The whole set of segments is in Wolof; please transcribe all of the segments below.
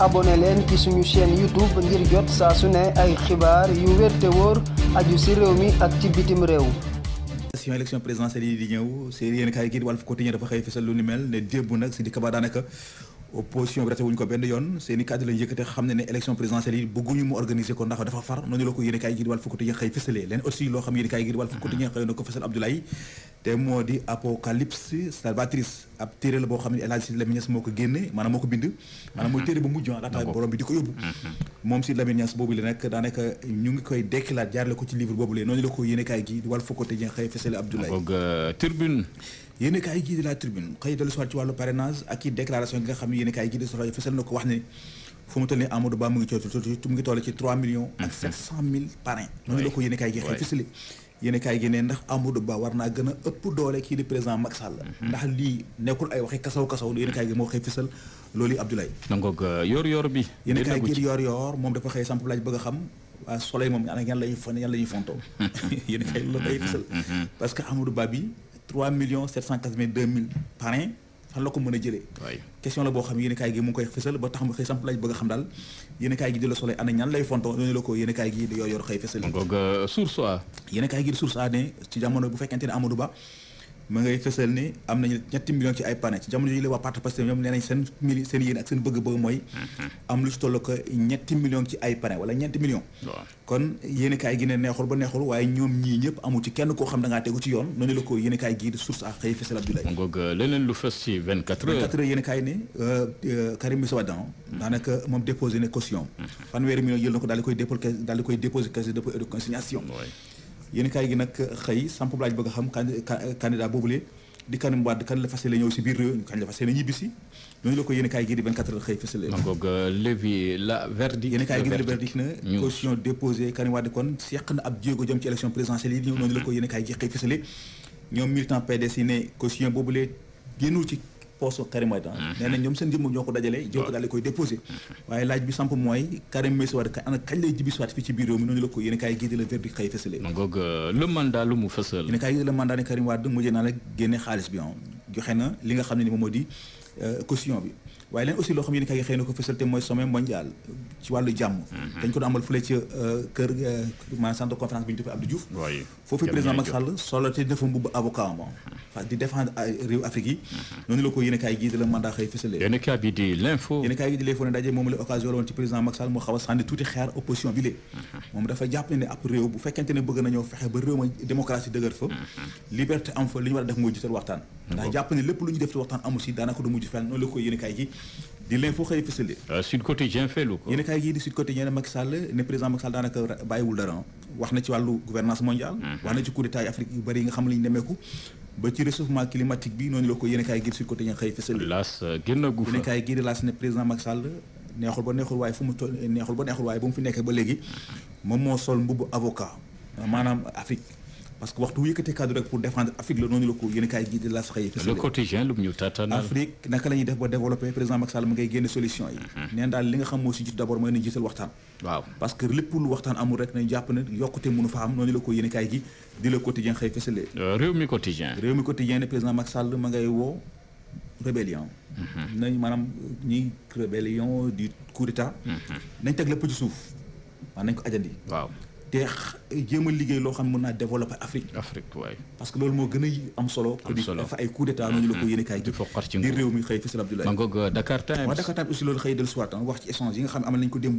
abonné leen ci suñu chaîne YouTube ngir jot saa su ne ay xibaar yu wér te wóor aju si réew mi ak ci bitim réew. si élection présidentielle yi di ñëw si yéen kaay gi di Walf Quotidien dafa xëy fësal lu ni mel ne démb nag si di kaba daanaka. opposition bi rate wuñu ko benn yoon seen i kàddu lañu yëkkate xam ne ne élection présidentielle yi bëgguñu mu organiser ko ndax dafa far noonu la ko yéen i gi di Walf Quotidien xëy fësalee leen aussi yéen kaay gii di la tribune xëy dellu soit ci wàllu parrainage ko wax ne fu mu toll nii Ba mu ngi cootu ci 3 millions ak 700 mhm. mille parrain noonu la ko yéen ndax Amadou Ba war naa gën a ëpp doole kii di président Macky Sall mhm. ndax lii nekkul ay waxi kasaw kasaw lu yéen kaay gi moo xëy fësal loolu yi Abdoulaye nangoog yoor yoor moom dafa xëy samp bëgg a xam waa Soleil moom ñan la ñuy fontoo yéen kaay mhm. parce que Amadou Ba bi 3 millions 782 mille parrain fan la ko mën a jëlee. question la boo xam yéen kaay gi mu ngi koy fësal ba tax ma xëy samp laaj bëgg xam daal yéen kaay gi di la soleil ana ñan lay fonto ñu la ko yéen kaay gi di yoo yor xëy fësal. Euh, source a. yéen kaay gi di source a ci jamono bu fekkente ne Ba. ma ngay fësal ni am nañu ñetti millions ci ay panne ci jamono yi la waa parti Pastef ñoom nee nañ seen mili seen yéen ak seen bëgg-bëgg mooy mm-hmm. am lu ci toll ko ñetti millions ci ay panne wala ñetti millions kon yéen gi ne neexul ba neexul waaye ñoom ñii ñëpp amu ci kenn koo xam da ngaa tegu ci yoon noonu la ko yéen kaay gii di source ak xëy fësal Abdoulaye ngoog euh, leneen lu fës ci 24 heures 24 heures yéen ne euh, euh, Karim Meïssa Wade mm-hmm. daanaka yéen kay gi nag xëy samp laaj bëgg a xam candidat boobule di Karim Wade kan la fas yéene ñëw si biir réew kan la fas yéene ñibbi si ñooñu la ko yéen kaay gi di 24 heures xëy fas yéene donc levi la verdict yéen kaay gi di verdict na caution poste Karim Meïssa mm-hmm. nee na mm-hmm. waaye laaj bi samp mooy Karim Meïssa Wade kañ lay jibisiwaat fii ci biir réew noonu la ko yéen kaay gii la verdict xëy fësale ngoog euh, le mu fësal yéen kaay gii la mandat ni Karim Wade mujjee naa la génne xaalis bi ah. joxe na li nga xam ne ni moom moo di euh, caution bi waaye leen aussi loo xam yéen kaay xëy na ko fësal te mooy sommet mondial ci wàllu jàmm mhm. dañ ko doon amal fële ci euh, kër euh, maanaam centre de conférence bi ñu defee Abdou Diouf foofu président mhm. di défendre réew mhm. a a a kaay bi di l'info ne daje moom la occasion la woon ci président Macky Sall mu xaw a sànni tuuti ne fa liberté am fa li def mooy jiital waxtaan ndax jàpp ne lépp lu ñu def ci waxtaan amu si daanaka du mujj fenn noonu la ko yéen a gi di l'info xëy fësale. Euh, Sud Quotidien feelu ko. yéen a kaay gii di Sud Quotidien Macky Sall ne président Macky Sall daanaka bàyyiwul dara wax na ci wàllu gouvernance mondiale. Mhm. wax na ci coup d'état Afrique yu bëri yi nga xam ne ñu demeeku ba ci réchauffement climatique bi noonu la ko yéen a kaay gii di Sud Quotidien xëy fësale. laas euh, génn gu fa yéen a kaay di laas ne président Macky Sall neexul ba neexul waaye fu mu toll neexul ba neexul waaye ba mu fi nekkee ba léegi moom moo sol mbubu avocat maanaam Afrique. parce que waxtu yëkkatee kaddu rek pour défendre Afrique la noonu la ko yéen a kaay gii di las xëy le quotidien lu ñu tàttanal Afrique la mhm. li nga xam moo si jiitu d' mooy nañ jiital waxtaan parce que lépp lu waxtaan amul rek nañ jàpp ne yokkute mënu fa am noonu la ko yéen kaay gi di le quotidien xëy fësale euh, réew mi quotidien réew mi quotidien ne président Macky Sall ma ngay woo rébellion mhm. nañ maanaam ñiy rébellion du coup d'état mhm. nañ teg lépp ci suuf maa nañ ko te jéem a liggéey loo xam ne naa développer Afrique. parce que loolu moo gën a am solo. am solo dafa ay coup d'état ñu la ko mm-hmm. yéene kaay gi. ci di réew mi xëy Fassal Abdoulaye. ma ngoog Dakar Times. waaw Dakar Times aussi loolu xëy dellusiwaat ah, wax ci échange yi nga xam ne amal nañ ko démb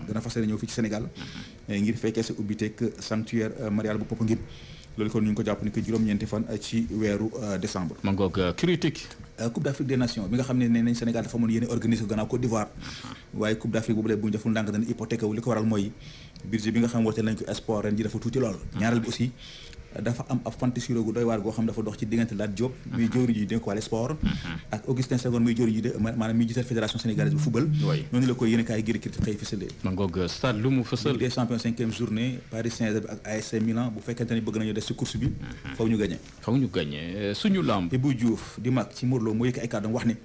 dana fas yéene ñëw fii ci Sénégal mhm. eh, ngir fekkee sa ubbiteeg sanctuaire euh, marial bu Popenguine loolu kon ñu ko jàpp ni que juróom-ñeenti fan euh, ci weeru euh, décembre ma critique Coupe d'Afrique des Nations bi nga xam ne nee nañ Sénégal dafa mën yéene organiser gannaaw Côte mhm. d'Afrique boobu bu ñu deful ndànk dana hypothèque wu li ko waral mooy budget bi nga xam woote nañ ko sport ren ji dafa tuuti lool mhm. ñaareel bi aussi dafa am ab fantasiro gu doy waar goo xam dafa dox ci diggante Lat Diop muy jëwriñ ji dénk wàllu sport ak Augustin Senghor muy jëwriñ ji maanaam mi jiital fédération sénégalaise bu football noonu la ko yéen a kaay giri critique xëy fësale ma ngoog euh, stade lu mu fësal des champions cinquième journée Paris Saint-Germain ak bu fekkente ni bëgg nañu des ci course bi faw ñu gagné faw ñu gagné euh, suñu lamb Ibou Diouf di mag ci Modou Lo yëkk ay kàddu wax ni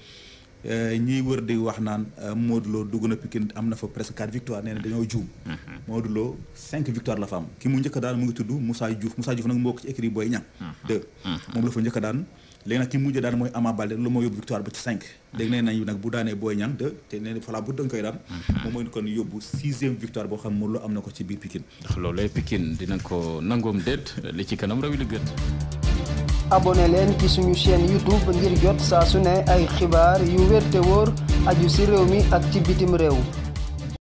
Euh, ñuy wër di wax naan euh, Modou Lo dugg na Pikine am na fa presque quatre victoire nee na dañoo juum. Mhm. Modou Lo cinq victoire la fa am ki mu njëkk daan mu ngi tudd Moussa Diouf Moussa Diouf nag mbokk ci écrit Boy Niang. Mhm. deux mhm. moom la fa njëkk daan léegi nag ki mujj daan mooy Ama Baldé lu moo yóbbu victoire ba ci cinq. léegi nee nañu nag bu daanee Boy Niang deux te nee na falaa bu dañ koy daan. moom mooy victoire boo xam Modou Lo am na ko ci biir Pikine. ndax loolee Pikine dina ko nangoom déet li ci kanam rawi la gën. abone leen ki suñu chaîne YouTube ngir jot saa su ne ay xibaar yu wér te wóor aju ci réew mi ak ci bitim réew